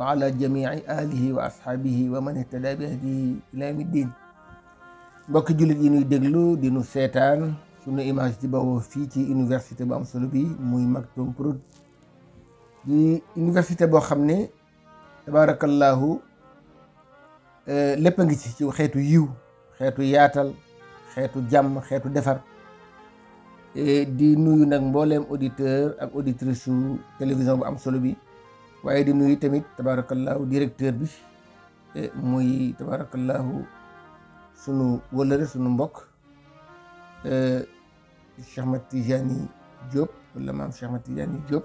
wa ala jamici alihi wa asxaabihi wa man ihtada bi hadihi ila yawmi ddin mbokki jullit yi nuy déglu dinu nu seetaan sunu image di bawoo fii ci université bu am solo bi muy mag Maktoum Prod di université boo xam ne tabaarakallaahu eh, lépp a ngi ci ci xeetu yiw xeetu yaatal xeetu jàmm xeetu defar eh, di nuyu nag mbooleem auditeur ak auditrice su télévision bu am solo bi waaye di nuyu tamit tabaarakallaahu directeur bi eh, muy tabaarakallaahu sunu wëllëre sunu mbokk eh, Cheikh Ahmed Tidiane Diop wala am Cheikh Ahmed Tidiane Diop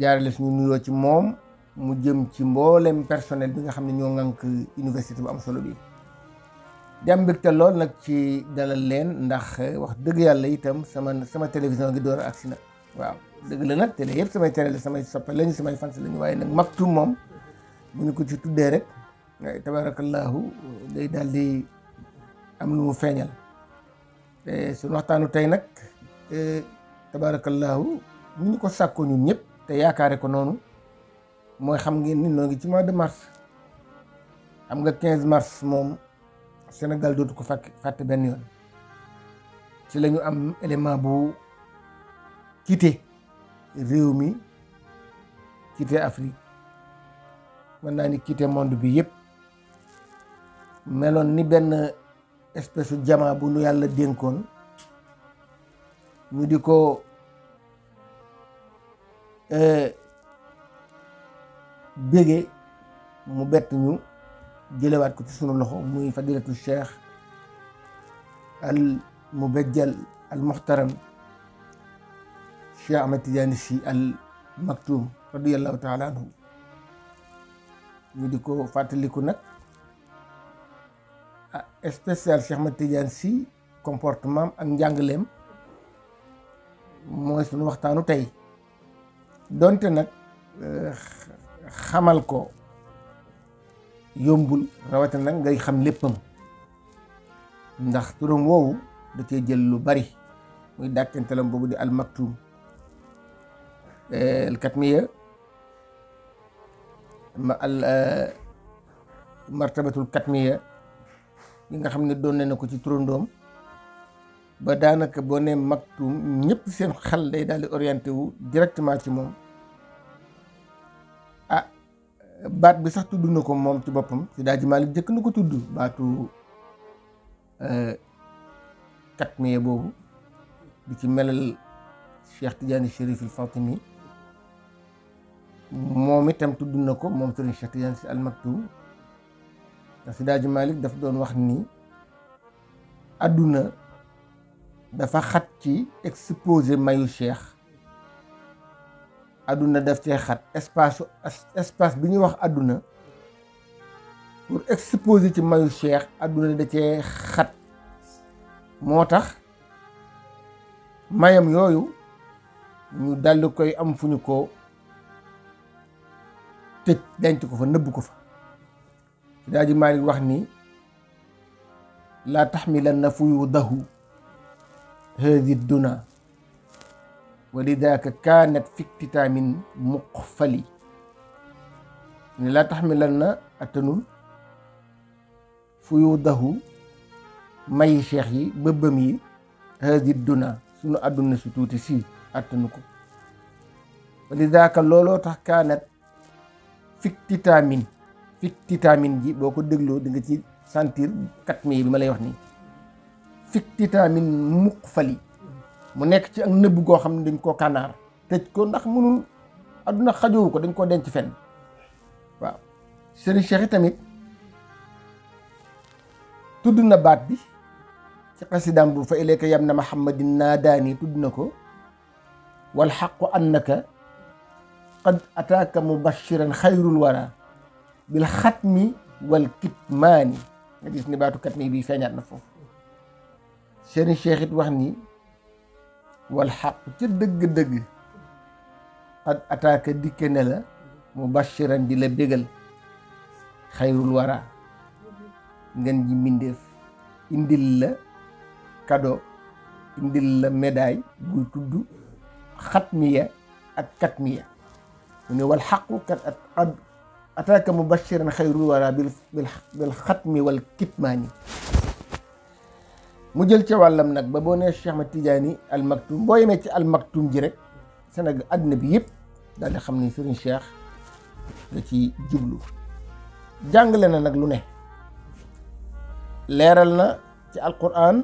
jaarale suñu nuyoo ci moom mu jëm ci mboolem personnel bi nga xam ne ñoo ŋànk université bu am solo bi di am mbégte lool nag ci dalal leen ndax eh, wax dëgg yàlla itam sama sama télévision gi door a agsi na waaw dëgg la nag te de samay tere la samay soppe lañu samay fans lañu waaye nag Maktoum moom bu ñu ko ci tuddee rek tabaarakallaahu day daal di am lu mu feeñal te waxtaanu tey nag e, tabaarakallaahu ni ñu ko sàkkoo ñun ñëpp te yaakaare ko noonu mooy xam ngeen ni noo ngi ci mois de mars xam nga 15 mars moom Sénégal dootu ko fàkk fàtte benn yoon ci lañu am élément bu. quitté réew mi quitté Afrique mën naa ni quitté monde bi yëpp meloon ni benn espèce jamaa bu nu yàlla dénkoon ñu di ko euh, bége mu bett ñu jëlewaat ko ci sunu loxo muy fadilatu cheikh al mubajjal al muhtaram Cheikh Ahmad Tidiane Sy al Maktoum radiyallahu taala anhu ñu di ko fàttaliku nag ah spécial si Ahmad Tidiane comportement ak njàngaleem mooy suñu waxtaanu tey donte nag eh, xamal ko yombul rawatina nag ngay xam léppam ndax turam woowu da cee jël lu bari muy dàkkantalam boobu di almaktum آه، الكتمية آه، مرتبة الكتمية ينغا خمني دون نينا كو تروندوم با دانك بوني مكتو نيب سين خال داي دالي اورينتي وو ديريكتومون سي موم ا بات بي ساخ تودو نكو موم تي بوبام سي داجي مالك ديك نكو تودو باتو ا كاتمي بوبو دي تي ملال شيخ تجاني شريف الفاطمي moom itam tudd na ko moom sëriñ Cheikh Tidiane si almaktum parce si daaji Malick daf doon wax ni àdduna dafa xat ci exposé mayu cheikh àdduna daf cee xat espace espace bi ñuy wax àdduna pour exposé ci mayu cheikh àdduna da cee xat moo tax mayam yooyu ñu daldi koy am fu ñu ko tëj denc ko fa nëbb ko fa daa ji Maalik wax ni laa taxmilanna fuyuudahu haadi duna wa lidaaka kaanat fi iktitaamin muqfali ne laa taxmilanna attanul fuyuudahu mayi cheikh yi bëbbam yi haadi duna sunu àdduna si tuuti si attanu ko wa lidaaka looloo tax kaanat fictitamine fictitamine ji boo ko dégloo di nga ci sentir kat mi bi ma lay wax nii fictitamine muqfali mu nekk ci ak nëbb goo xam ne dañ koo kànnaar tëj ko ndax mënul àdduna xajowu ko dañ koo denc fen waaw sëriñ Cheikh tamit tudd na baat bi ci xasidaam bu fa ilayka yam na ma xam Muhammadin naadaani tudd na ko wal xaqu annaka qad ataaka mubashiran xayrul wara bil xatmi wal kitmaani nga gis ni baatu katmi bi feeñaat na foofu seeni cheikh it wax ni wal xaq ca dëgg-dëgg qad ataaka dikke ne la mubashiran di la bégal xayrul wara ngeen ji mbindéef indil la cadeau indil la médaille buy tudd xatmiya ak katmiya mu ne wal xaqu kat at ataaka mubashiran xayrul wara bil bil xatmi wal kitmaani mu jël ca wàllam nag ba boo nee Cheikh Ahmad Tidiane al maktum boo yemee ci al maktum ji rek Sénégal àdduna bi yëpp daal di xam ni Serigne Cheikh da ci jublu jàngale na nag lu ne leeral na ci alquran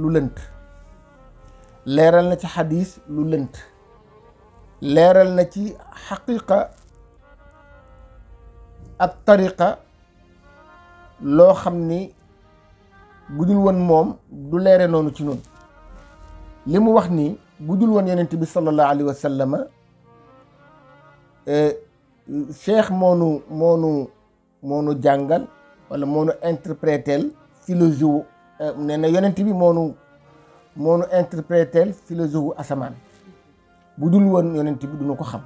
lu lënt leeral na ci xadis lu lent leeral na ci xaqiqa ak tariqa loo xam ni bu dul woon moom du leere noonu ci noonu li mu wax ni bu dul woon yonent bi sallallahu alayhi wa sallama cheikh moonu moonu moonu jàngal wala moonu interprétel philosophie nee na yonent bi moonu moonu interprétel philosophie asamaan bu dul woon yonent bi duma ko xam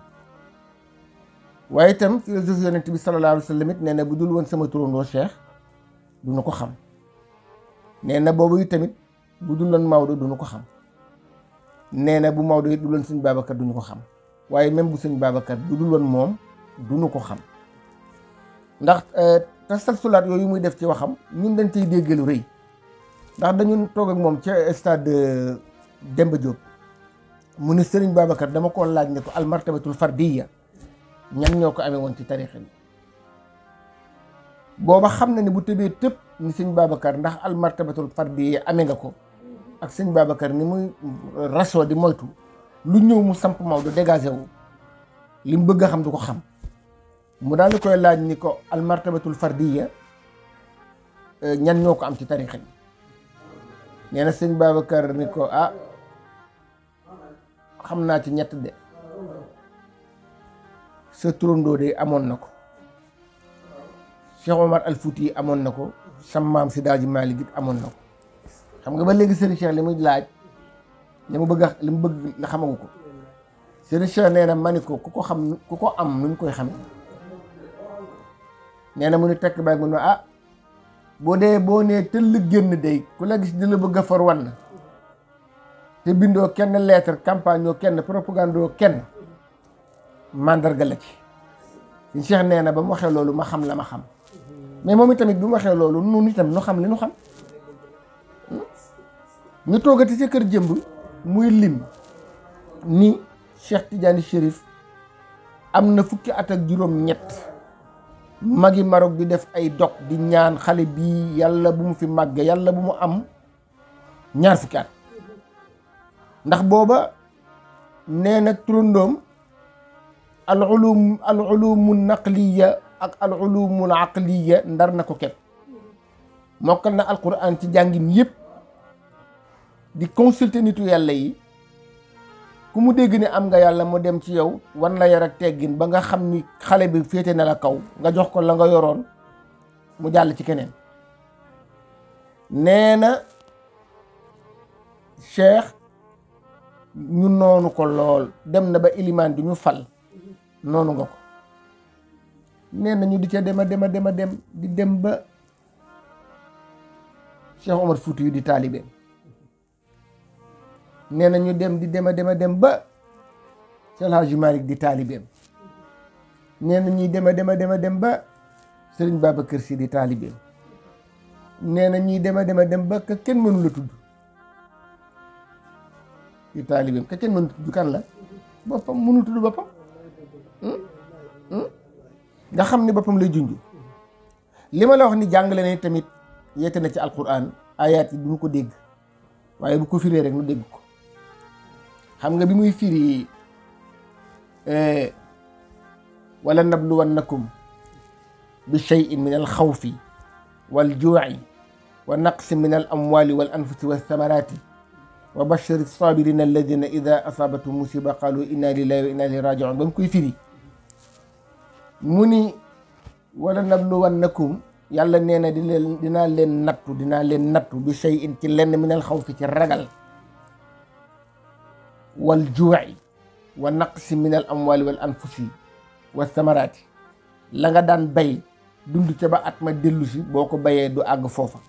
waaye itam philosophie yonent bi sallallahu alayhi wa sallam it nee na bu dul woon sama turandoo du duna ko xam nee na boobu yi tamit bu dul woon Maodo duna ko xam nee na bu Maodo yi du loon sëñ Babacar duñu ko xam waaye même bu sëñ Babacar bu dul woon moom duñu ko xam ndax euh, tasalsulaat yooyu muy def ci waxam ñun dañ ciy dégg lu rëy ndax dañu toog ak moom ca stade euh, Demba Diop mu ne Serigne Babacar dama ko laaj ne ko almartabatul fardiya ñan ñoo ko amee woon ci tarixa bi booba xam na ne bu tëbee tëb ni sëñ Babacar ndax almartabatul fardiya amee nga ko ak sëñ Babacar ni muy raso di moytu lu ñëw mu samp Maodo dégagé wu li mu bëgg a xam du ko xam mu daal di koy laaj ni ko almartabatul fardiya eh, ñan ñoo ko am ci tarixa bi nee na sëñ Babacar ni ko ah xam naa ci ñett de sa turandoo de amoon na ko Cheikh Omar Al Fouti amoon na ko sa maam si daal ji Maalik it amoon na ko xam nga ba léegi Serigne Cheikh li muy laaj li mu bëgg li mu bëgg la xamagu ko Serigne Cheikh nee na mani ko ku ko xam ku ko am nu koy xame nee na mu ni tekk bàyyi mu ne ah boo dee boo nee tëll génn day ku la gis di la bëgg a far wan na te bindoo kenn lettre campagne oo kenn propagande oo kenn mandarga la ci suñ nee na ba mu waxee loolu ma xam la ma xam mais moom tamit bi mu waxee loolu nun itam nu xam li nu xam ñu toogati ci kër jëmb muy lim ni Cheikh Tidiane Chérif am na fukki at ak juróom ñett magi Maroc di def ay dog di ñaan xale bii yàlla bu mu fi màggee yàlla bu mu am ñaar fukki at ndax booba nee na turandoom al ulum al ulumu naqliya ak al ulumul aqliya ndar na ko képp mokkal na alquran ci jàngin yëpp di consulter nitu yàlla yi ku mu dégg ne am nga yàlla mu dem ci yow wan la yar ak teggin ba nga xam ni xale bi féete na la kaw nga jox ko la nga yoroon mu jàll ci keneen nee na cheikh ñu noonu ko lool dem na ba ilimaan di ñu fal noonu nga ko nee nañu di ca dema dema dema dem di dem ba Cheikh Omar Fouti yu di taalibeem nee nañu dem di dema dema dem ba Cheikh Alhaji Malick di taalibeem na ñuy dema dema dema dem ba Serigne Babacar Sy di taalibeem nee na ñuy dema dema dem ba ka kenn mënula tudd ci taalibeem man kenn kan la bopam la tuddu bopam hmm hmm nga xamni bopam lay jundju lima la wax ni jàngale ne tamit yete na ci alquran ayat yi duñu ko deg waye bu ko firee rek nu deg ko xam nga bi muy firi wala nabluwannakum bi shay'in min alkhawfi xawfi wal من الأموال والأنفس والثمرات وبشر الصابرين الذين إذا أصابتهم مصيبة قالوا إنا لله وإنا إليه راجعون بام كوي فيري موني ولا نبلونكم يلا نينا دينا لين نتو دينا لين نتو بشيء تي لين من الخوف تي الرجل والجوع والنقص من الأموال والأنفس والثمرات لغا دان باي دوندو تبا اتما ديلوسي بوكو بايي دو اغ فوفا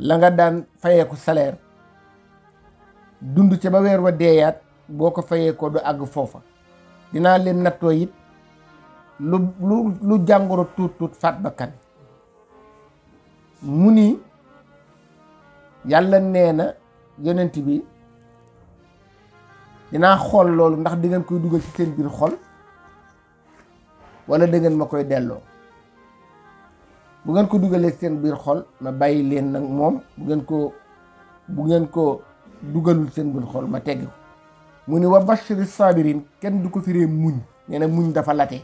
لغا دان فايكو سالير dund ca ba weer wa deeyaat boo ko fayee ko du àgg foofa dinaa leen nattoo it lu lu lu jàngoro tuut tuut faat bakkan mu ni yàlla nee na yonent bi dinaa xool loolu ndax di ngeen koy dugal ci seen biir xol wala da ngeen ma koy delloo bu ngeen ko dugalee seen biir xol ma bàyyi leen nag moom bu ngeen ko bu ngeen ko dugalul seen biir xol ma tegg ko mu ni wa bashiri sabirin kenn du ko firee muñ nee na muñ dafa late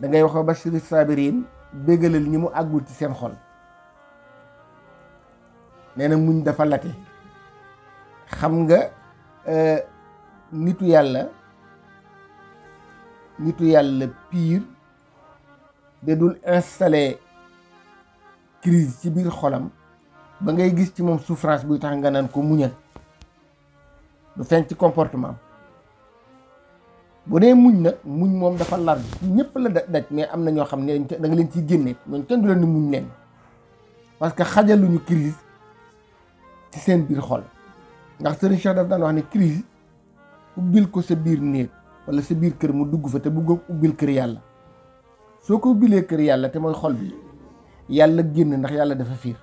da ngay wax wa bashiri sabirin bégalal ñi mu àggul ci seen xol nee na muñ dafa late xam nga nitu yàlla nitu yàlla piir de dul installer crise ci biir xolam ba ngay gis ci moom souffrance buy tax nga naan ko muñal lu feeñ ci comportement bu dee muñ nag muñ moom dafa lar ñëpp la daj mais am na ñoo xam ne da nga leen ciy génne ñooñu kenn du leen ni muñ leen parce que xajaluñu crise ci seen biir xol ndax Serigne Cheikh daf daan wax ne crise ubbil ko sa biir néeg wala sa biir kër mu dugg fa te bëgg ubbil kër yàlla soo ko ubbilee kër yàlla te mooy xol bi yàlla génn ndax yàlla dafa fiir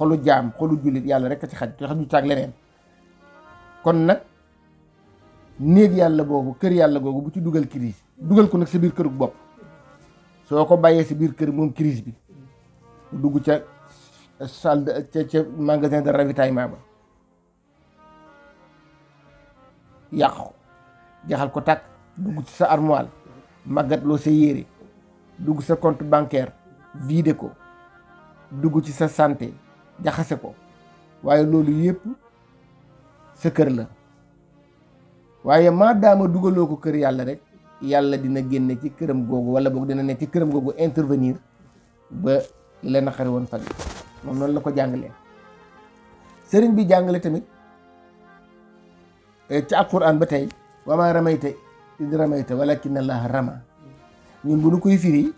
xolu jaam xolu jullit yàlla rek a ci xaj te xaju caag leneen kon nag néeg yàlla boobu kër yàlla googu bu ci dugal crise dugal ko nag sa biir kërug bopp soo ko bàyyee sa biir kër moom crise bi dugg ca salle de ca magasin de ravitaillement ba yàqu jaxal ko tàkk dugg ci sa armoil màggat sa yére dugg sa compte bancaire vidé ko dugg ci sa santé jaxase ko waaye loolu yëpp sa kër la waaye maadaama dugaloo ko kër yàlla rek yàlla dina génne ci këram googu wala boog dina nekk ci këram googu intervenir ba leen a xare woon fag moom noonu la ko jàngalee sëriñ bi jàngale tamit eh, ci alquran ba tey wama ramayta id ramayta walakin allah rama ñun bu nu koy firi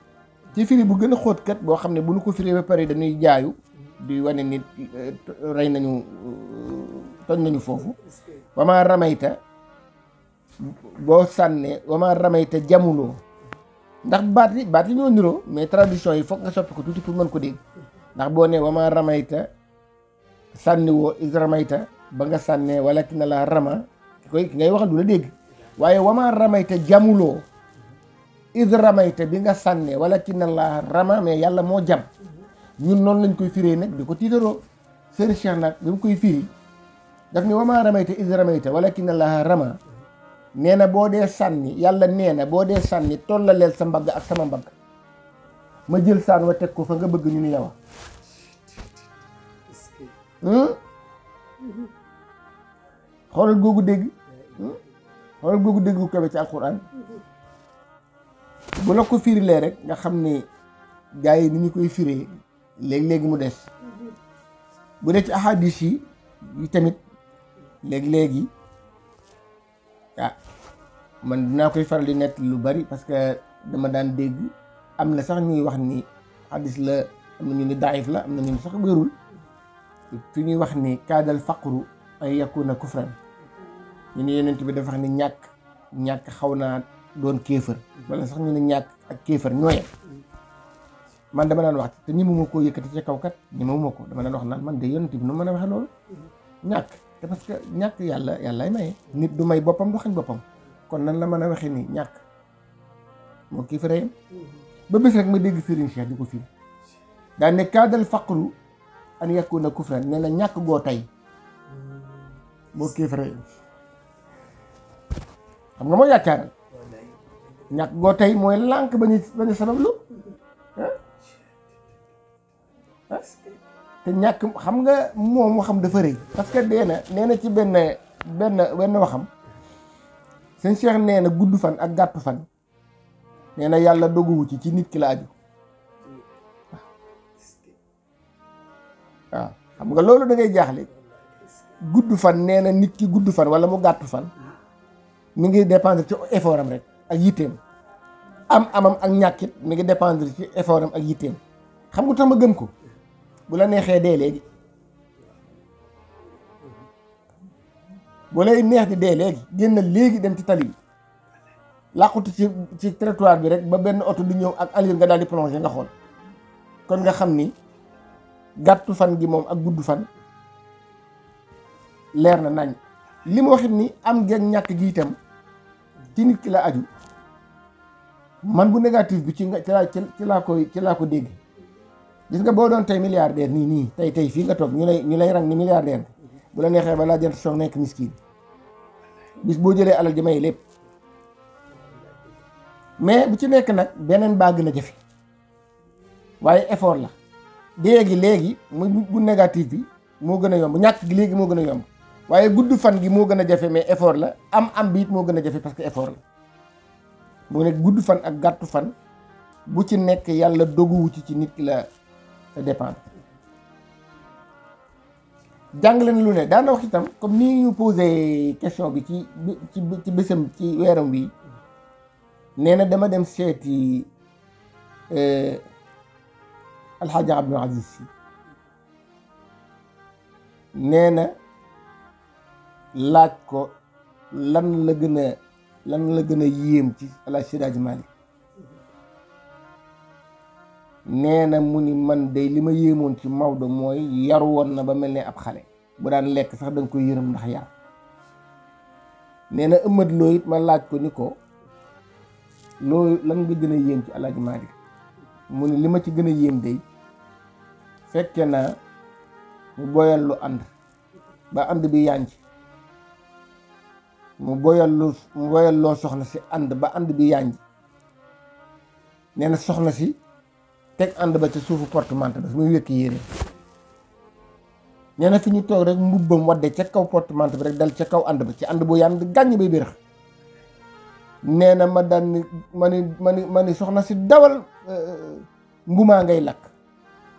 ci firi bu gën a xoot kat boo xam ne bu nu ko firi ba pare dañuy jaayu di wane nit rey nañu toj nañu foofu wama ramayta boo sànnee wama ramayta jamuloo ndax baat yi baat yi ñoo niroo mais tradition yi foog nga soppi ko tuuti pour mën ko dégg ndax boo ne wama ramayta sànni woo ba nga sànnee wala ki na la rama ki ngay waxal du la waaye wama ramayta bi nga sànnee wala ki yàlla moo jam ñun noonu lañ koy firee nag di ko tiitaroo Serigne Cheikh nag bi koy firi daf ni wamaa ramayta is ramayta walakin la rama nee na boo dee sànni yàlla nee na boo dee sànni tollaleel sa mbagg ak sama mbagg ma jël saan wa teg ko fa nga bëgg ñu ni yow hmm? xoolal googu dégg hmm? xoolal googu dégg gu kawe ci alxuraan bu la ko firilee rek nga xam ni gaa yi ni ñu koy fire léegi-léegi mu des bu dee ci ahadis yi yi tamit léeg léegi ah man dinaa koy faral di nett lu bari parce que dama daan dégg am na sax ñuy wax ni hadis la am na ñu ni daif la am na ñu ni sax wérul fi ñuy wax ni kaadal faqru ay na kufran ñu ne yonent bi dafa wax ni ñàkk ñàkk xaw naa doon kéefër wala sax ñu ne ñàkk ak kéefër ñooyam man dama daan wax te ñi mu koo yëkkati ca kaw kat ñi ma ma ko dama daan wax naan man de yonent bi nu mën a waxee loolu ñàkk te parce que ñàkk yàlla yàllaay maye nit du may boppam du xañ boppam kon nan la mën a waxee nii ñàkk moo kii firayam rek ma dégg Serigne Cheikh di daa ne kaadal faqru an yakuna kufran na ñàkk goo tey moo xam nga moo yaakaaral ñàkk goo tey mooy lànk ba ñu ba ñu te ñàkk xam nga moom waxam dafa rëy. parce que dee na nee na ci benn benn benn waxam sëñ Cheikh nee na gudd fan ak gàttu fan nee na yàlla doguwu ci ci nit ki la aju waaw xam nga loolu da ngay jaaxle gudd fan nee na nit ki gudd fan wala mu gàttu fan mu ngi dépendre ci effort am rek ak yitteem am amam ak ñàkkit mi ngi dépendre ci effort ak yitteem xam nga tax ma gën ko. bu la neexee dee léegi bu lay neex di dee léegi génn léegi dem ci tali bi làqutu ci ci bi rek ba benn oto du ñëw ak allure nga daal di plongé nga xool kon nga xam ni gàttu fan gi moom ak gudd fan leer na nañ li ma waxit ni am gen ñàkk gi itam ci nit ki la aju man bu négatif bi ci nga ci laa ci laa koy ci laa ko dégg gis nga boo doon tey milliardaire nii nii tey tey fii nga toog ñu lay ñu lay rang ni milliardaire bu la neexee balaa jant soo nekk miskin bis boo jëlee alal ji may lépp mais bu ci nekk nag beneen baa gën a jafe waaye effort la dee gi léegi mu bu négatif bi moo gën a yomb ñàkk gi léegi moo gën a yomb waaye gudd fan gi moo gën a jafe mais effort la am am bi moo gën a jafe parce que effort la moo nekk gudd fan ak gàttu fan bu ci nekk yàlla doguwu ci ci nit la dépendre jàng leen lu ne daana wax itam comme nii ñu pose question bi ci ci ci bésam ci weeram wi nee na dama dem seeti eh, alxaaja Abdul Aziz si nee na laaj ko lan la gën a lan la gën a yéem ci alaaj Siraaji Maalik nee na mu ni man day li ma yéemoon ci Maodo mooy yaru woon na ba mel ne ab xale bu daan lekk sax da nga koy yërëm ndax yar nee na ëmmat loo it ma laaj ko ni ko loolu lan nga gën a yéem ci Alaaji Maalik mu ni li ma ci gën a yéem day fekke naa mu boyal lu ànd ba ànd bi yànj mu boyal lu mu boyal loo soxna si ànd ba ànd bi yànj nee na soxna si teg ànd ba ci suufu porte-manteau ba fi muy wékki yére nee na fi ñu toog rek mbubbam wadde ca kaw porte-manteau bi rek dal ca kaw ànd ba ci ànd boo yànd gàññ bay bérëx nee na ma daan ni ma ni ma ni soxna si dawal euh, mbumaa ngay lakk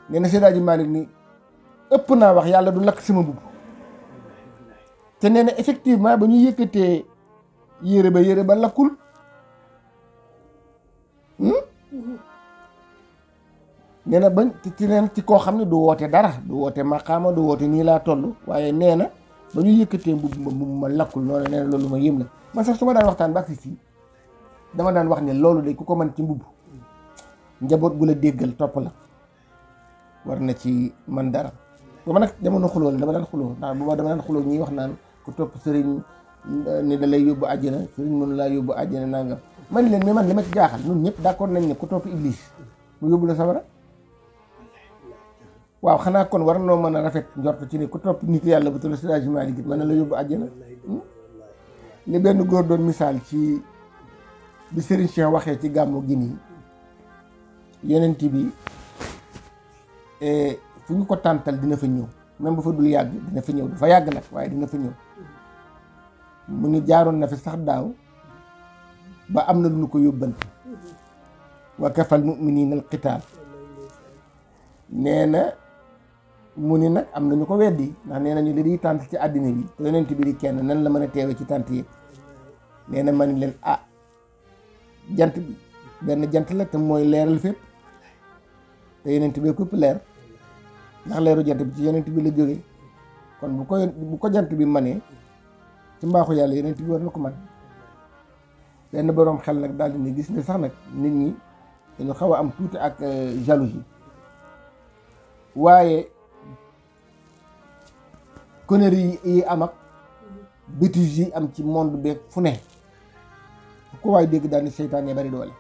nee na Seydi Hadji Malick ni ëpp naa wax yàlla du lakk sama mbubb te nee na effectivement ba ñu yëkkatee yére ba yére ba lakkul hmm? nee ba bañ ci neen ci koo xam ne du woote dara du woote maqaama du woote nii laa toll waaye nee na ba ñu yëkkatee mbubb ma mbubb ma lakkul noonu nee na loolu ma yëm la man sax su ma daan waxtaan ba agsi fii daan wax ne loolu de ku ko mën ci mbubb njaboot la déggal topp la war na ci man dara ba nag jamono xuloo la dama daan xuloo ndax bu ma dama daan xuloo ñuy wax naan ku topp sëriñ eh, ne da lay yóbbu àjjana sëriñ mënu laa yóbbu àjjana nangam man leen mais man li ma ci jaaxal ñun ñëpp d'accord nañ ne ku topp iblis mu yóbbu la safara waaw xanaa kon war noo mën a rafet njort ci ne ku topp nit yàlla bu tëdd Seydi Hadji Malick mën na la yóbbu àjjana hmm? li benn góor doon misaal ci bi Serigne Cheikh waxee ci gàmmoo gi nii yenent bi e, fu ñu ko tàntal dina fa ñëw même bu fa dul yàgg dina fa ñëw dafa yàgg nag waaye dina fa ñëw mu ni jaaroon na fi sax daaw ba am na lu ko yóbbante wa kafal mu'minina al qitaal nee na mu ni nag am nañu ko weddi ndax nee nañu li di tànt ci àddina bi yonent bi di kenn nan la mën a teewe ci tànt yëpp nee na ma ni leen ah jant bi benn jant la te mooy leeral fépp te yonent bi képp leer ndax leeru jant bi ci yonent bi la jógee kon bu ko bu ko jant bi manee ci mbaaxu yàlla yonent bi war na ko man benn boroom xel nag daal di gis ne sax nag nit ñi dañu xaw a am tuuti ak euh, jalousie waaye conneries yi am ak bêtises yi am ci monde beeg fu ne ku waay dégg daal ni seytaane bari doole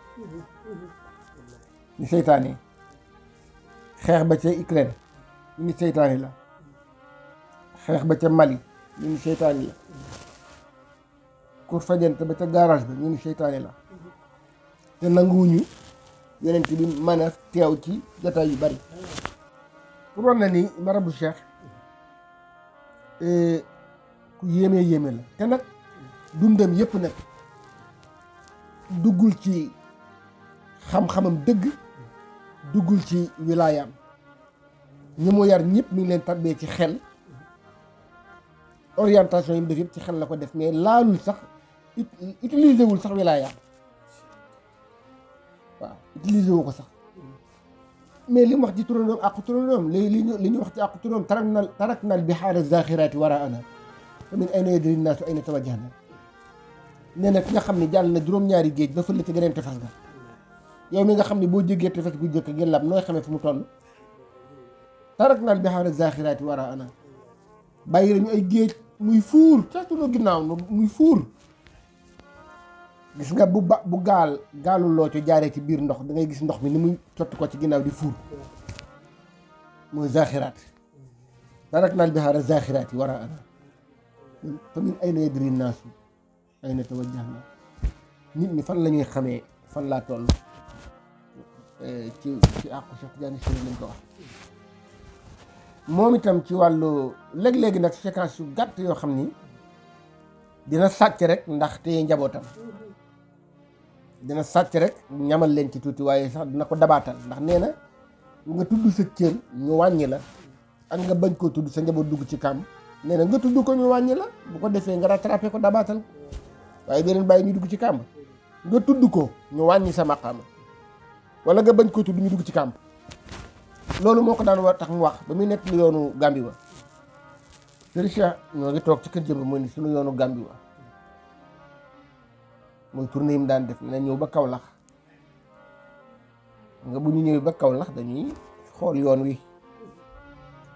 ni seytaane xeex ba ca Ukraine ni seytaane la xeex ba ca Mali ni seytaane la ku fajante ba ca garage ba ni seytaane la te nanguwuñu yeneen bi mën teew ci jataay yu bari pour wax na ni marabu Cheikh ku eh, yéeme yéeme la te nag dundam yëpp nag duggul ci xam-xamam dëgg duggul ci wilayaam ñi mu yar ñëpp mi ngi leen ci xel orientation yi def ci xel la ko def mais laalul sax utiliser wul sax waaw utiliser wu ko sax مي لي واحد يترونوم اقترونوم لي لي لي واحد اقترونوم تركنا تركنا البحار الزاخرات وراءنا فمن اين يدري الناس واين توجهنا نانا في خم ني جالنا دروم نياري جيج با فلي تغريم تفاسغا يوم ميغا خم ني بو جيغي تفاس بو جيك غيلاب نو خامي فمو تول تركنا البحار الزاخرات وراءنا بايرنو اي جيج موي فور تاتولو غيناو موي فور gis nga bu ba bu gaal gaalu looco jaaree ci biir ndox dangay gis ndox mi ni muy cott ko ci ginnaaw di fuur mooy zaaxiraat taraknal bihaara zaaxiraat yi war a ana fa min ñi fan la ñuy xamee fan laa eh, ci ci moom itam ci wàllu léeg-léegi nag séquence yu gàtt yoo xam ni dina sàcc rek ndax téye njabootam dina sacc rek ñamal leen ci tuuti waaye sax dina ko dabaatal ndax nee na nga tudd sa cër ñu wàññi la ak nga bañ ko tudd sa njaboot dugg ci kàmm nee na nga tudd ko ñu wàññi la bu ko defee nga rattrapé ko dabaatal waaye beneen bàyyi ñu dugg ci kàmm nga tudd ko ñu wàññi sa maqaama wala nga bañ ko tudd ñu dugg ci kàmm loolu moo ko daan war tax mu wax ba muy nekk lu yoonu gambi wa Sëriñ Cheikh ñoo ngi toog ci kër jëmb mooy ni sunu yoonu gambi wa mooy tournée yi mu daan def na ñëw ba kaw lax nga bu ñu ñëwee ba kaw Kaolack dañuy xool yoon wi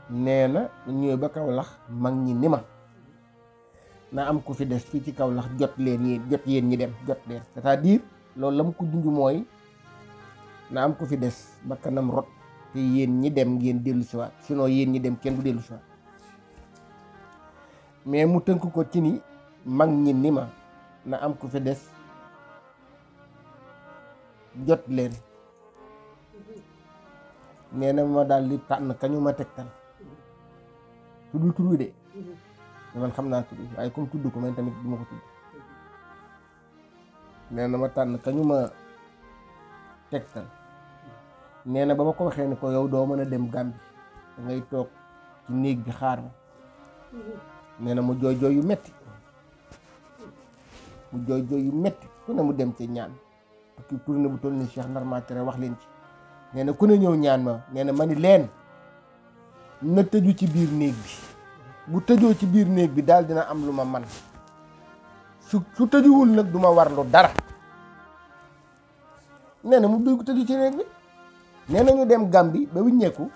nee na bu ñu ñëwee ba Kaolack mag ñi ni ma naa am ku fi des fii ci Kaolack jot leen yéen yéen ñi dem jot leen cest à loolu la mu ko junj mooy na am ku fi des ba kanam yéen ñi dem ngeen dellu si waat yéen ñi dem kenn du dellu mais mu tënk ko ci mag ñi ni ma na am ku fi des jot leen nee na ma daal di tànn kañu ma tegtal tudd tur wi de mhm. man xam naa tudd waaye comme tudd ko man tamit du ma ko tudd nee ma tànn kañu ma tegtal nee na ba ma ko waxee ne ko yow doo mën a dem Gàmbi da toog ci néeg bi xaar ma mhm. nee na mu jooy jooy yu metti mu jooy jooy yu metti ku mu dem ci ñaan ak tournée bu toll ni Cheikh Ndar tere wax leen ci nee na ku ne ñëw ñaan ma nee na ma ni leen na tëju ci biir néeg bi bu tëjoo ci biir néeg bi daal dina am lu ma man su su tëjuwul nag du ma warlu dara nee na mu dugg tëju ci néeg bi nee ñu dem Gàmbi ba wiññeeku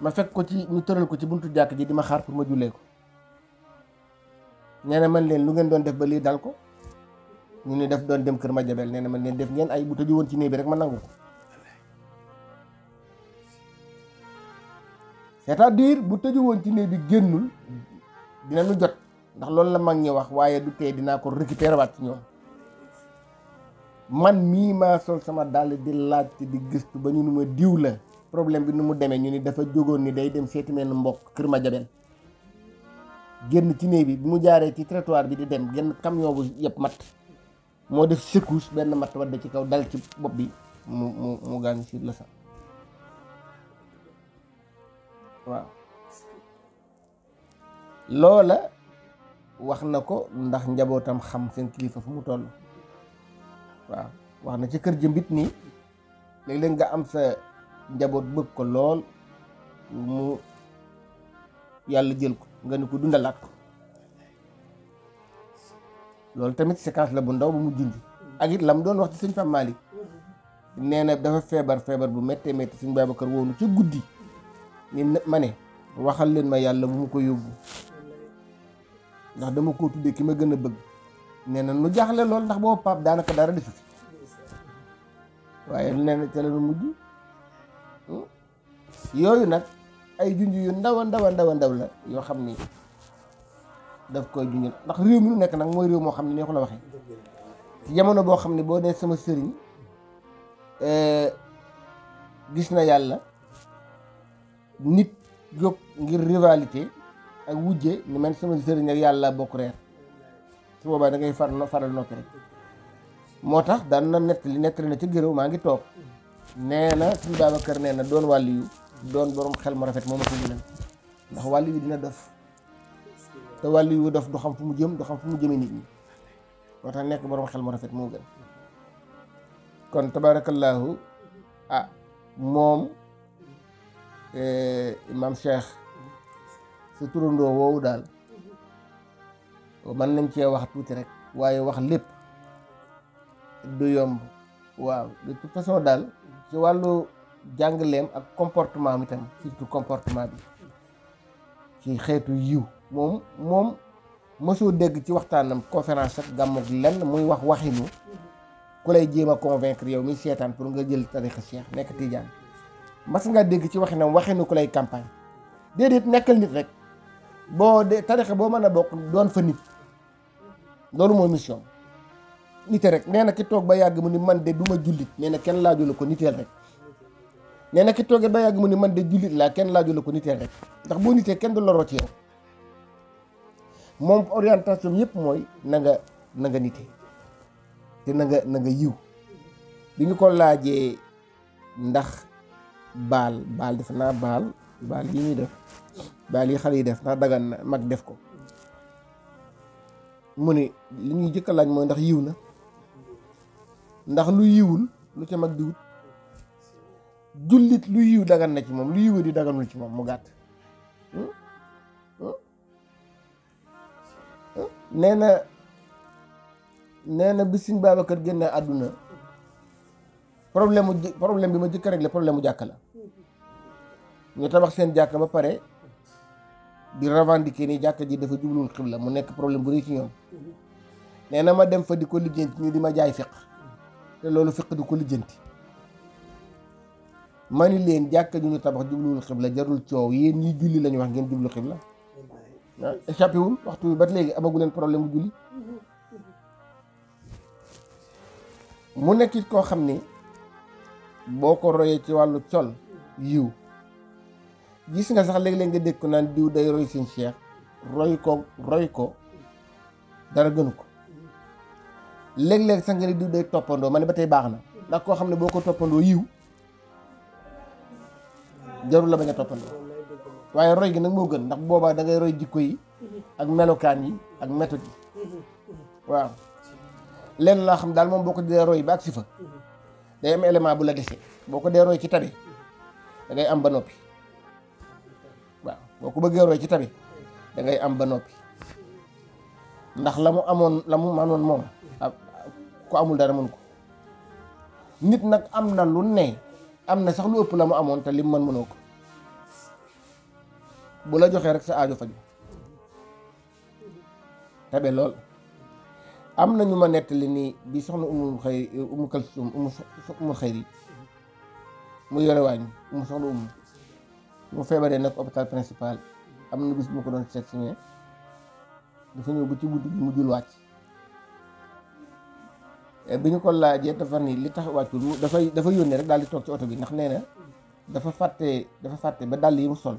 ma fekk ko ci ñu tëral ko ci buntu jàkk ji di ma xaar pour ma jullee ko nee na man leen lu ngeen doon def ba lii dal ko ñu ne daf doon dem kër ma jabel nee na man leen def ngeen ay bu tëju woon ci néeg rek ma nangu ko c'est-à-dire bu tëju woon ci néeg bi dina nu jot ndax loolu la mag ñi wax waaye du tee dinaa ko récupérer waat ci ñoom man mii maa sol sama dàll di laajte di gëstu ba ñu nu ma diw la problème bi nu mu demee ñu ni dafa jógoon ni day dem seeti mel mbokk kër ma jabel génn ci néeg bi mu jaaree ci trottoir bi di dem genn camion bu yëpp mat moo def secousse benn matt wadd ci kaw dal ci bopp bi mu mu mu gaañ si la waaw loola wax na ko ndax njabootam xam seen kilifa fu mu toll waaw wax na ci kër jëmbit nii léeg-léeg nga am sa njaboot bëgg ko lool mu yàlla jël ko nga ni ko dundalaat ko loolu tamit séquence la bu ndaw bu mu junj ak la mu doon wax ci sëñ Pape Malick nee na dafa feebar feebar bu méttee métti sëñ Babacar woonu ci guddi ni ma ne waxal leen ma yàlla bu mu ko yóbbu ndax dama koo tuddee ki ma gën a bëgg nee na nu jaaxle lool ndax boobu Pape daanaka dara desu fi waaye nee na ca mujj hmm? yooyu nag ay junj yu ndaw a ndaw ndaw ndaw la yoo xam ni daf koy junjal ndax réew mi lu nekk nag mooy réew moo xam ne neexu la waxee ci jamono boo xam ne boo dee sama sëriñ eh, gis na yàlla nit jóg ngir rivalité ak wujje ni man sama sëriñ ak yàlla bokk reer su boobaa da ngay faral faral noppi rek moo tax daan na nettali nettali na ci gërëw maa ngi toog nee na suñu Babacar nee na doon wàll yu doon borom xel mu rafet moom ma ko ndax wàllu yu dina dof te wàllu wu def du xam fu mu jëm du xam fu mu jëmee nit ñi moo tax nekk borom xel mu rafet moo gën kon tabaarakallaahu ah moom eh, imam Cheikh su turandoo woowu daal mën nañ cee wax tuuti rek waaye wax lépp du yomb waaw de façon daal ci wàllu jàngaleem ak comportement mi tam surtout comportement bi ci xeetu yiw moom moom mësoo dégg ci waxtaanam conférence ak gàmmu ak lenn muy wax waxinu ku lay jéem a convaincre yow mi seetaan pour nga jël tarixa cheikh nekk tijaan mas nga dégg ci waxinam waxinu ku lay campagne déedéet nekkal nit rek boo de tarixa boo mën a bokk doon fa nit loolu mooy mission nite rek nee na ki toog ba yàgg mu ni man de du ma jullit nee kenn laaju ko niteel rek nee na ki ba mu ni man de jullit laa kenn laaju la ko niteel rek ndax boo nitee kenn du loroo ci yow moom orientation bi yëpp mooy nanga nga na nga nite te na nga yiw bi ñu ko laajee ndax baal baal def naa baal baal yi ñuy def baal yi xale yi def ndax dagan na mag def ko mu ne li ñuy jëkka laaj mooy ndax yiw na ndax lu yiwul lu ci mag di jullit lu yiw dagan na ci moom lu yiwee di daganul ci moom mu gàtt hmm? nee na nee na bi Sëñ Babacar génne àdduna problème mu problème bi ma jëkk réglé problème mu jàkk la ñu tabax seen jàkk ba pare di revendiquer ni jàkk ji dafa jubluwul xibla mu nekk problème bu rëy ci ñoom nee na ma dem fa di ko lijjanti ñu di ma jaay fiq te loolu fiq di ko lijjanti ma ni leen jàkk ju ñu tabax jubluwul xibla jarul coow yéen ñi julli lañu wax ngeen jublu xibla ah échappé waxtu bi ba léegi amagu leen problème bu julli mu nekk it koo xam ni boo ko royee ci wàllu col yiw gis nga sax léeg-léeg nga dégg ko naan diw day roy seen cheikh roy ko roy ko dara gënu ko léeg-léeg sax nga ne diw day toppandoo ma ne ba tey baax na ndax koo xam ne boo ko toppandoo yiw jarul la bañ a toppandoo waaye roy gi nag moo gën ndax boobaa dangay ngay roy jikko yi ak melokaan yi ak méthode yi waaw lenn laa xam daal moom boo ko dee roy ba si fa day am bu la dese boo ko dee ci tabe dangay am ba noppi waaw ko bëggee ci tabe da ngay am ba noppi ndax la mu amoon la mu manoon moom ku amul dara mën ko nit nag am na lu ne am na sax lu ëpp la mu amoon te li mu mën mënoo ko bu la joxee rek sa aajo faju tabe lool am na ñu ma nettali nii bi soxna umu xëy umu kalsum umu xëy yi mu yore waañ mu soxna umu mu feebaree nag hôpital principal am na bis bu ma ko doon seet si ne dafa ñëw ba ci bunt bi mu jul wàcc eh, bi ñu ko laajee dafa ni li tax wàccul mu dafa dafa yónnee rek daal di toog ci oto bi ndax nee na dafa fàtte dafa fàtte ba dàll yi mu sol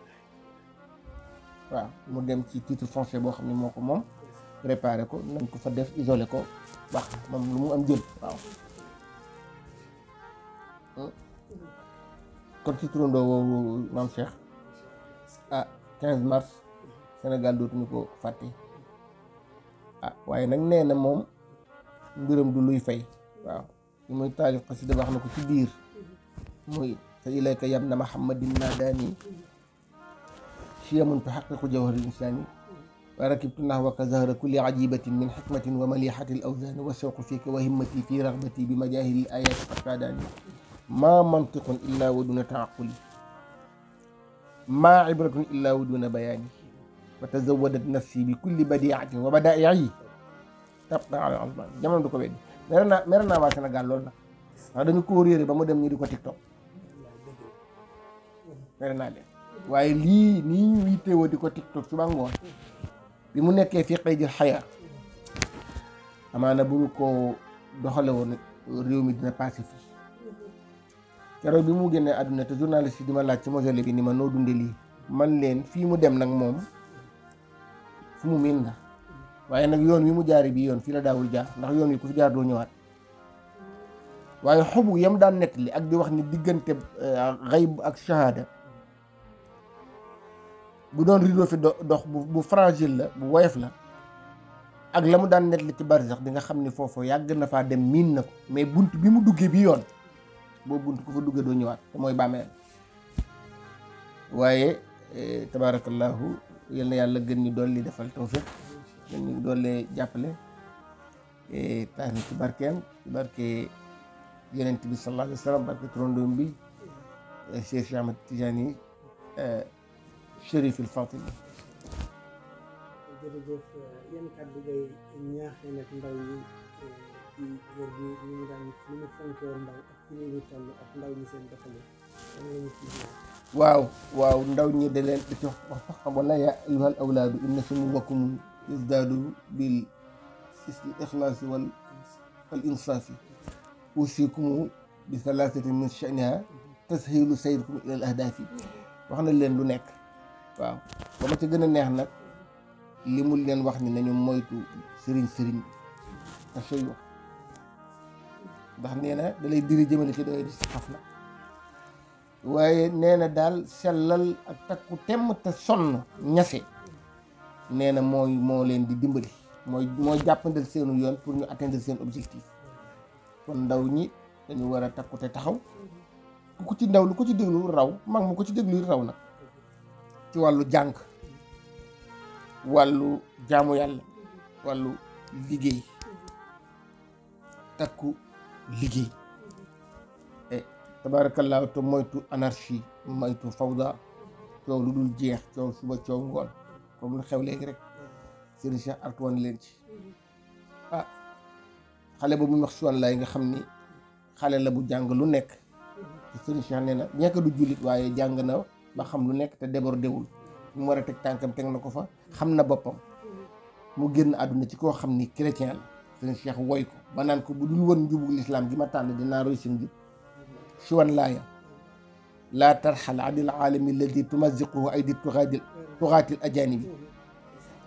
waaw mu dem ci titre foncier boo xam ne moo ko moom réparé ko nañ ko fa def isolé ko wax moom lu mu am jël waaw hmm. kon ci turandoo woowu maam Cheikh ah 15 mars Sénégal dootuñu ko fàtte ah waaye nag nee na moom mbiram du luy fay waaw li muy taalif xasida wax na ko ci biir muy fa ilayka yam na Muhammadin naa daani شيم تحقق جوهر الإنسان وركبت نحو كزهر كل عجيبة من حكمة ومليحة الأوزان والشوق فيك وهمتي في رغبتي بمجاهل الآيات فقاداني ما منطق إلا ودون تعقل ما عبرة إلا ودون بيان وتزودت نفسي بكل بديعة وبدائعي تبقى على الأظلام jamono du بيدي مرنا مرنا naa mer naa waa Sénégal loolu la ndax dañu ko réere ba mu waaye lii nii ñu yittewoo di ko tiktok suba ngoon bi mu nekkee fii xëy di xayaa amaana bu ñu ko doxale woon réew mi dina passé fii bi mu génnee àdduna te journaliste yi di ma laaj ci mosole bi ni ma noo dunde lii man leen fii mu dem nag moom fu mu miin la waaye nag yoon wi mu jaari bii yoon fii la daawul jaar ndax yoon wi ku fi jaar doo ñëwaat waaye xobu yam daan li ak di wax ni diggante eh, xayb ak shahada bu doon rideau fi dox bu bu fragile la bu woyof la ak la mu daan nettali ci barsax di nga xam ni foofu yàgg na faa dem miin na ko mais bunt bi mu duggee bi yoon boo bunt ku fa duggee doo ñëwaat te mooy bàmmeel waaye eh, tabaarakallaahu yal yàlla gën ñu li defal tawfiq gën ñu dolli jàppale eh, taas na ci barkeem ci barke yonent bi sallallaahu alayhi wa sallam barke turandoom bi eh, Cheikh Ahmad Tidiane شريف الفاطمة jërëjëf yéen kàddu gay ñaaxee nag ndaw ñi ci góor gi ñu mu daan ñu mu fonkee ndaw ak ci réew mi toll ak ndaw ñi seen doxalin dama lañu ci waaw waaw ndaw ñi da leen di jox wax sax wala yaa ayyuhal awlaadu inna sunwakum yazdaadu bil ikhlaasi wal wal insaafi usikum bi salaasati min sha'niha tashiilu sayrikum ilal ahdaafi wax na leen lu nekk waaw ba ma ci gën a neex nag li mu leen wax ni nañu moytu sëriñ sëriñ a sëy wax ndax nee na da lay diri jëmale ci doy di xaf la waaye nee na daal sellal ak takku temm te sonn ñase nee na mooy moo leen di dimbali mooy mooy jàppandal seenu yoon pour ñu atteindre seen objectif kon ndaw ñi dañu war a takku te taxaw ku ko ci ndaw lu ko ci déglu raw mag mu ko ci déglu raw nag ci wàllu jàng wàllu jaamu yàlla wàllu liggéey takku liggéey e, tabaarakallaahu te moytu anarchie moytu fawda coow lu dul jeex coow suba coow ngoon comme lu xew léegi rek sëriñ Cheikh artuwan leen ci ah xale boobu mu wax suwan laay nga xam ni xale la bu jàng lu nekk te sëriñ Cheikh nee na ñekk du jullit waaye jàng na ba xam lu nekk te débordé wul mu war a teg tànkam teg na ko fa xam na boppam mu génn àdduna ci koo xam ni chrétien la seen cheikh woy ko ba naan ko bu dul woon njubug lislaam gi ma tànn dinaa roy seen njub si wan laaya laa tarxal anil aalami alladi tumaziquhu aydi tuxaadil tuxaatil ajaanibi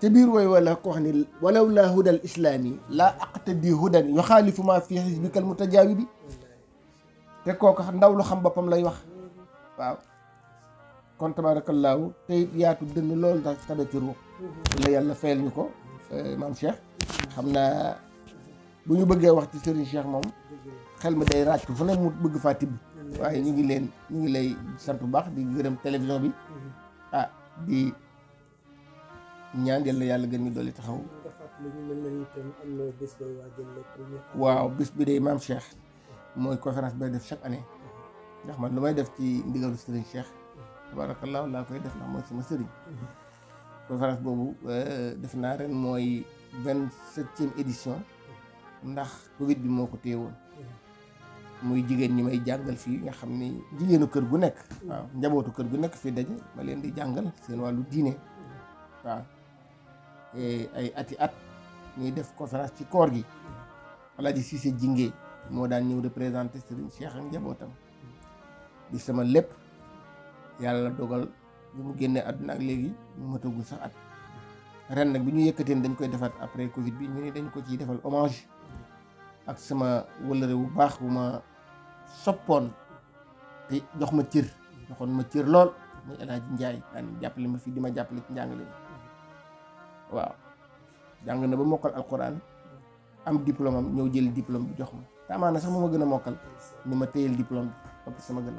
te biir wooy wala ko wax ni walaw laa hudal islaami laa aqtadi hudan yuxaalifu maa fi xisbikal mutajaawibi te kooku ndaw lu xam boppam lay wax waaw kon tabaarakallaahu tey yaatu dënn loolu tax tabe ci ruux mhm. la yàlla fayal ñu ko eh, maam Cheikh xam naa bu ñu bëggee wax ci Serigne Cheikh moom xel ma day ràcc fu ne mu bëgg faa tibb waaye ñu ngi leen ñu ngi lay sant bu baax di gërëm télévision bi mhm. ah di ñaan yàlla yàlla gën ñu dolli taxaw waaw bis bi day maam Cheikh mooy conférence bay def chaque année mhm. ndax man lu may def ci ndigalu Serigne Cheikh tabaarakallaahu laa koy def ndax mooy sama sëriñ conférence boobu euh, def naa ren mooy vingt septième édition ndax covid bi moo ko téye woon muy jigéen ñi may jàngal fii nga xam ni jigéenu kër gu nekk waaw njabootu kër gu nekk fii daje ma leen di jàngal seen wàllu diine waaw ay ati at ñuy def conférence ci koor gi Alaaji Siise Jingee moo daan ñëw représenté Serigne Cheikh ak njabootam di sama lépp yàlla dogal bi mu génnee àdduna ak léegi mu matagul sax at ren nag bi ñu yëkkateen dañ koy defaat après Covid bi ñu ne dañ ko ciy defal hommage ak sama wëllëre bu baax bu ma soppoon te jox ma cër joxoon ma cër lool muy El Hadj Ndiaye daan jàppale ma fii di ma jàppale ci njàngale waaw jàng na ba mokkal alquran am diplôme am ñëw jël diplôme bi jox ma te sax moo ma gën a mokkal ni ma téyel diplôme bi sama gën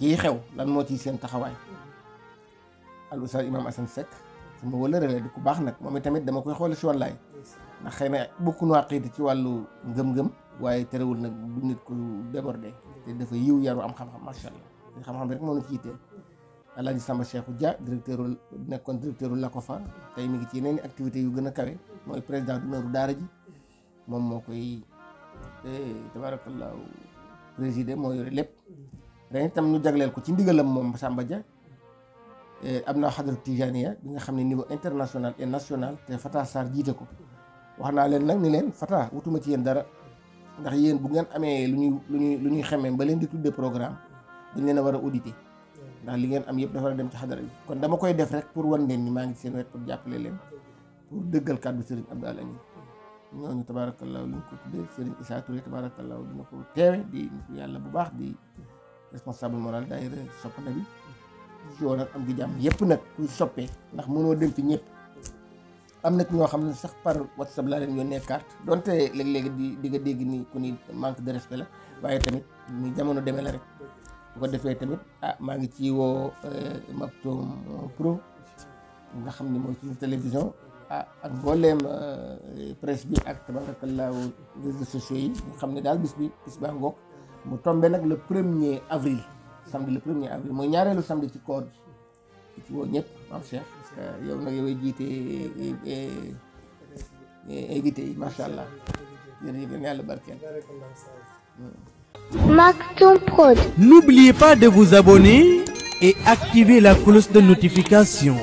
كي خيو لان موتي سين تخواي الاستاذ امام حسن سك سما ولر لا ديكو باخ نك مامي تاميت داما كوي خول شي والله نا خيما بوكو نو عقيده تي والو غم غم واي تريول نا نيت كو ديبوردي تي دافا يو يارو ام خام خام ما شاء الله خام خام رك مونو كيتي الله دي سامبا شيخو جا ديريكتور نيكون ديريكتور لاكوفا تاي ميغي تي نين اكتيفيتي يو غنا كاوي موي بريزيدان دو نورو داراجي مام موكاي اي تبارك الله بريزيدي مو يوري لب dañ tam ñu jagleel ko ci ndigalam moom Samba Dia eh, am na xadra tijaniya bi nga xam ne niveau international et national te Fata Sar jiite ko wax naa leen nag ni leen Fata wutuma ci yéen dara ndax yéen bu ngeen amee lu ñuy lu ñuy lu ñuy ba leen di tuddee programme dañ leen a war a auditer ndax li ngeen am yëpp dafa dem ci xadara bi kon dama koy def rek pour wan leen ni maa ngi seen wet pour jàppale leen pour dëggal kàddu sëriñ Abdou Alamin ñooñu tabaarakallaahu li ñu ko tuddee sëriñ Issa Touré tabaarakallaahu dina ko teewe di yàlla bu baax di responsable moral daayira sopp na bi yoo nag am gi jàmm yëpp nag ku soppee ndax mënoo dem fi ñëpp am na ci ñoo xam ne sax par whatsapp laa leen yónnee carte donte léeg-léegi di di nga dégg ni ku ni manque de respect la waaye tamit ni jamono demee la rek bu ko defee tamit ah, maa ngi ci woo euh, Maktoum Pro nga xam ni mooy suñu télévision ah ak mbooleem euh, presse bi ak tabarakallaahu réseaux sociaux yi nga xam ne daal bis bi bis baa Je suis tombé le 1er avril samedi le 1er avril samedi ci hmm. N'oubliez pas de vous abonner et activer la cloche de notification.